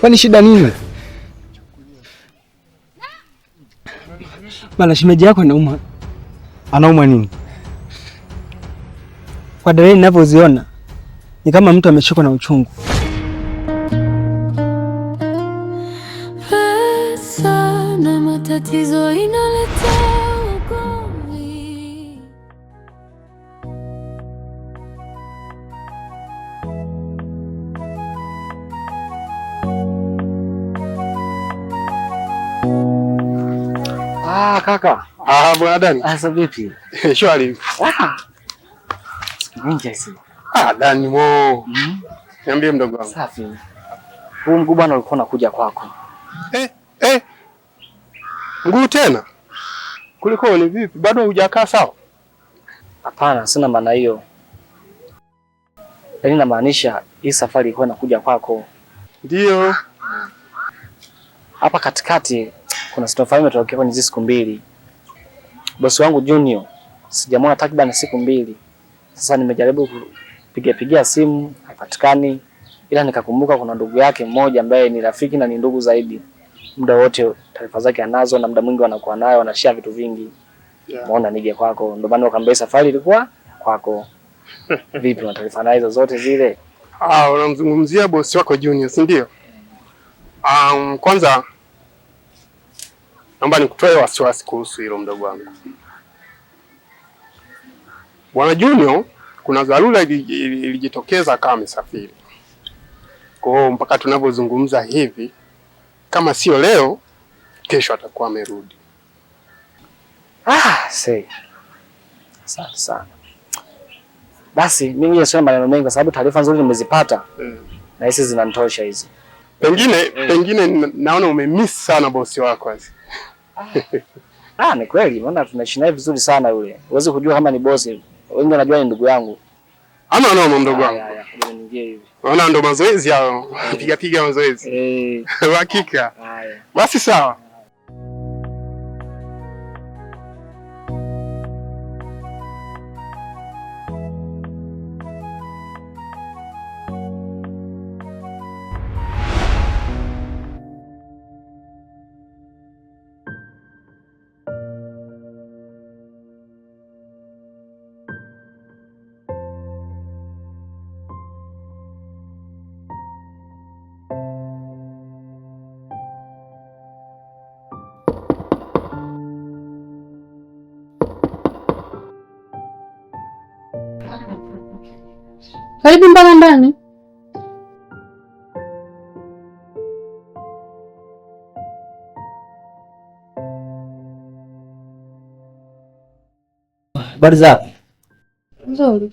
Kwani shida nini? Bana, shemeji yako anauma. Anauma nini? Kwa dalili ninavyoziona ni kama mtu ameshikwa na uchungu. Pesa na matatizo inaletea Kaka. Ah, bwana Dani. Ah, Sasa vipi? Shwari. Ah. Nje si. Ah, Dani wo. Mm-hmm. Niambie mdogo wangu. Safi. Huu mguu bwana ulikuwa unakuja kwako. Eh, eh. Mguu tena? Kuliko ni vipi? Bado hujakaa sawa? Hapana, sina maana hiyo. Yaani namaanisha hii safari ilikuwa inakuja kwako. Ndio. Hapa katikati kuna sitofahamu imetokea kwa hizi siku mbili. Bosi wangu Junior sijamwona takriban siku mbili sasa. Nimejaribu kupiga pigia simu hapatikani, ila nikakumbuka kuna ndugu yake mmoja ambaye ni rafiki na ni ndugu zaidi, muda wote taarifa zake anazo na muda mwingi wanakuwa nayo, wanashare vitu vingi yeah. Maona nije kwako, ndio maana wakaambia safari ilikuwa kwako. Vipi na taarifa hizo zote zile? Ah, unamzungumzia bosi wako Junior, si ndio? Um, kwanza Naomba nikutoe wasiwasi kuhusu hilo mdogo wangu. Bwana Junior, kuna dharura ilijitokeza akawa amesafiri. Kwa hiyo mpaka tunavyozungumza hivi, kama sio leo, kesho atakuwa amerudi. Ah, sei. Asante sana. Basi mimi sina maneno mengi kwa sababu taarifa nzuri nimezipata. Mm. Na hizi zinanitosha hizi. Pengine eh, pengine naona umemiss sana bosi wako asi. Ah. ah, ni kweli, maana tunaishi naye vizuri sana yule. uwezi kujua kama ni bosi. Wengi wanajua ni ndugu yangu. Ama no, mdogo wangu. Naona ndo mazoezi hayo. Eh. Piga piga mazoezi. Eh. Hakika. Basi sawa. karibu mpaka ndani. Habari zako? Nzuri.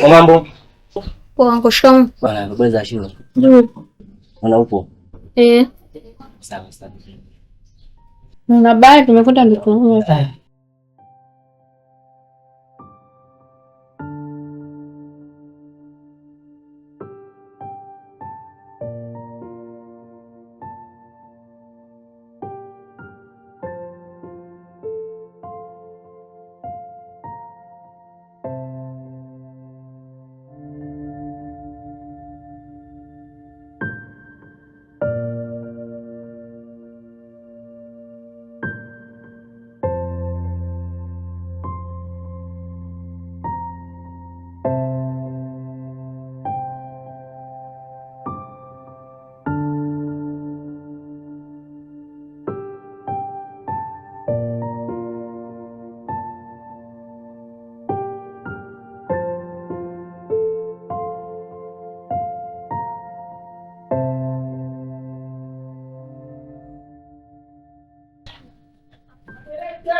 Kwa mambo? Poa, anko shikamoo. Bwana, habari za shule? Nzuri. Mwana upo? Eh. Sawa sawa. Na baada tumekuta ndugu wangu. Eh.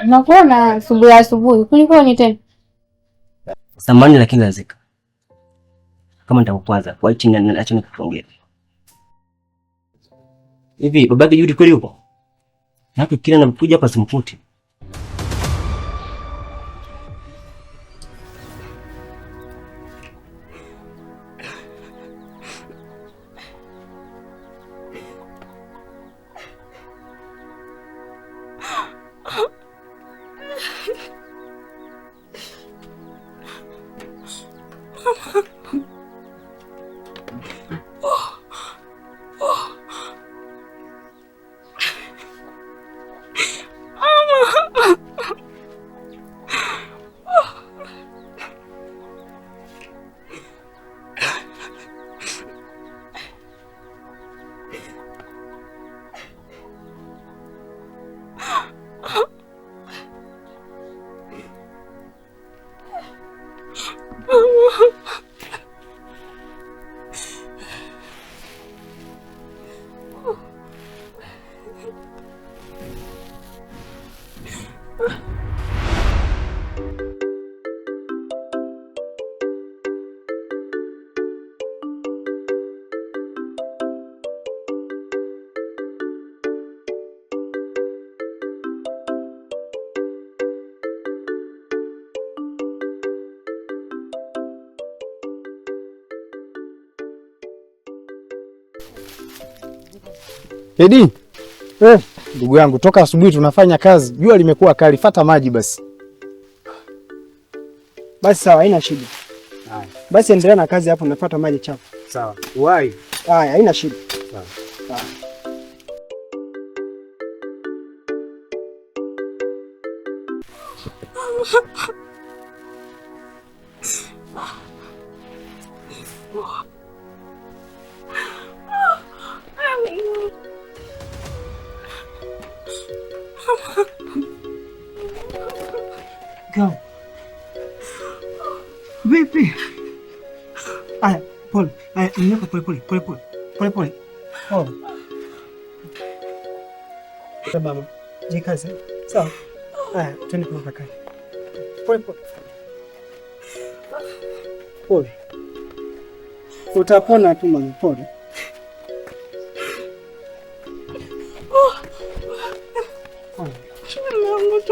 Nakuona asubuhi asubuhi, kulikoni tena? Samani, lakini lazika kama nitakukwaza kwa hichi nacho nikuongea hivi. Babake Judi kweli yupo? Napo kila napokuja hapa simkuti. Edi, eh, ndugu yangu, toka asubuhi tunafanya kazi, jua limekuwa kali. Fata maji basi. Basi sawa, haina shida. Basi endelea na kazi hapo, napata maji chafu. Sawa. Wai. Haya, haina shida. Sawa. Sawa. Go. Vipi? Aya, pole. Aya, nyanyuka pole pole pole pole. Pole pole. Pole. Mama, jikaze. Sawa. Aya, twende kwa kaka. Pole pole. Pole. Utapona tu mama, pole.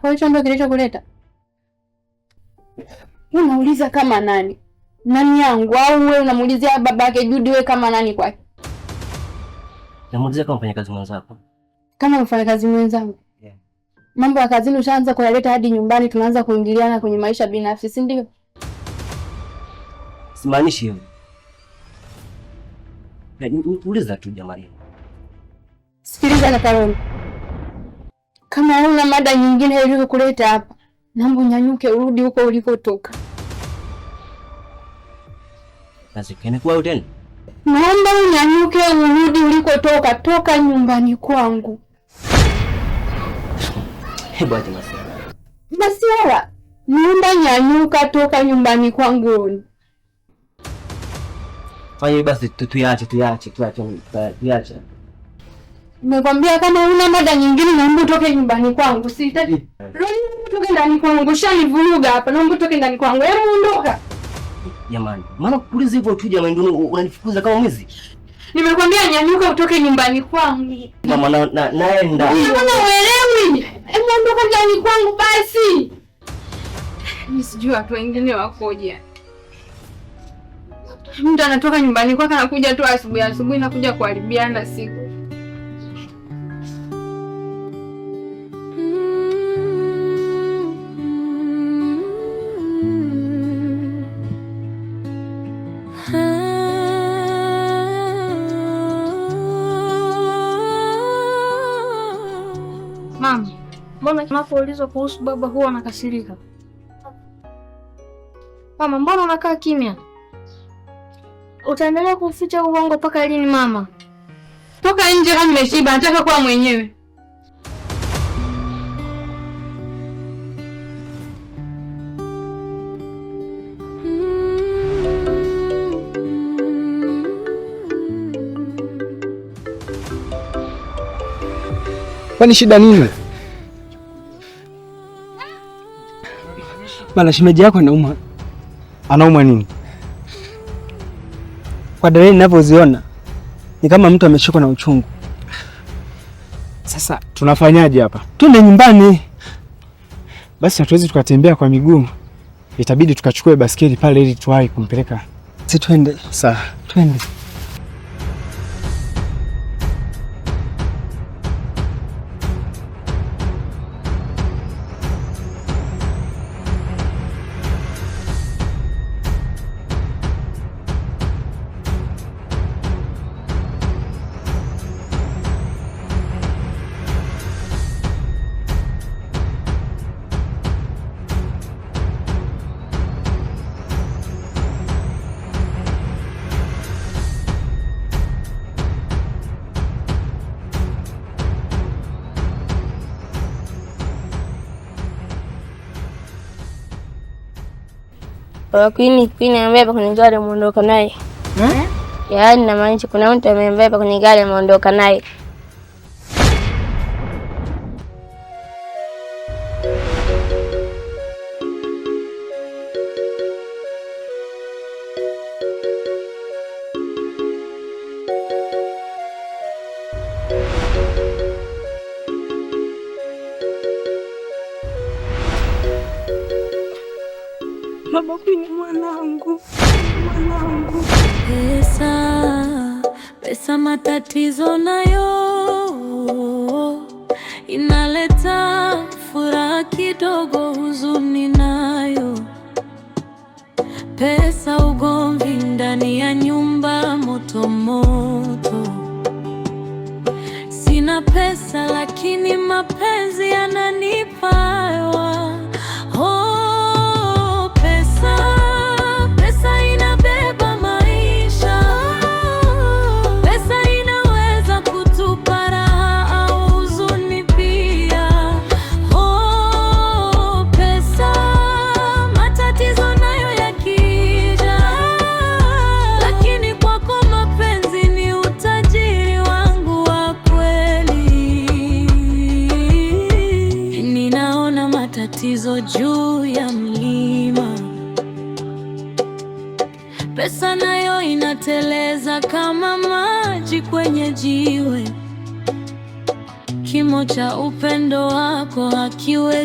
Kwa hicho ndio kilichokuleta? Unauliza kama nani? Nani yangu au wewe unamuulizia babake Judy wewe kama nani kwake? Namuulizia kama mfanyakazi mwenzako. Kama mfanyakazi mwenzangu? Yeah. Mambo ya kazini ushaanza kuyaleta hadi nyumbani tunaanza kuingiliana kwenye maisha binafsi, si ndio? Simaanishi hivyo. Uliza tu jamani. Sikiliza na Karoli, kama huna mada nyingine iliyokuleta hapa, naomba unyanyuke urudi huko ulikotoka. Tena naomba unyanyuke urudi ulikotoka, toka nyumbani kwangu. Masiara, naomba nyanyuka, toka nyumbani kwangu. Fanya basi, tuache tuache tuache tuache. Nimekwambia kama una mada nyingine, naomba utoke nyumbani kwangu. Sihitaji toke ndani kwangu, shanivuruga hapa. Naomba utoke ndani kwangu, hebu ondoka jamani. Maana kuuliza hivyo tu jamani, ndio unanifukuza kama mwizi? Nimekwambia nyanyuka, utoke nyumbani kwangu. Mama na naenda. Mbona uelewi? Hebu ondoka ndani kwangu basi. Mimi sijui watu wengine wakoje. Mtu anatoka nyumbani kwake anakuja tu asubuhi asubuhi, nakuja kuharibiana siku Unapoulizwa kuhusu baba huwa anakasirika. Mama, mbona unakaa kimya? Utaendelea kuficha uongo mpaka lini mama? Toka nje hadi nimeshiba, nataka kuwa mwenyewe. Kwani shida nini? Bana, shemeji yako anauma. Anauma nini? Kwa dalili ninavyoziona ni kama mtu ameshikwa na uchungu. Sasa tunafanyaje hapa? Twende nyumbani. Basi hatuwezi tukatembea kwa miguu, itabidi tukachukue baskeli pale ili tuwahi kumpeleka. Si twende? Sawa, twende. Queen Queen ambaye hapa kwenye gari ameondoka naye. Eh? Yaani namaanisha kuna mtu ambaye hapa kwenye gari ameondoka naye. Baba kwenye mwanangu, mwanangu. Pesa, pesa matatizo nayo inaleta furaha kidogo, huzuni nayo. Pesa ugomvi ndani ya nyumba moto moto. Sina pesa lakini mapenzi yananipayo Kuonyesha upendo wako hakiwezi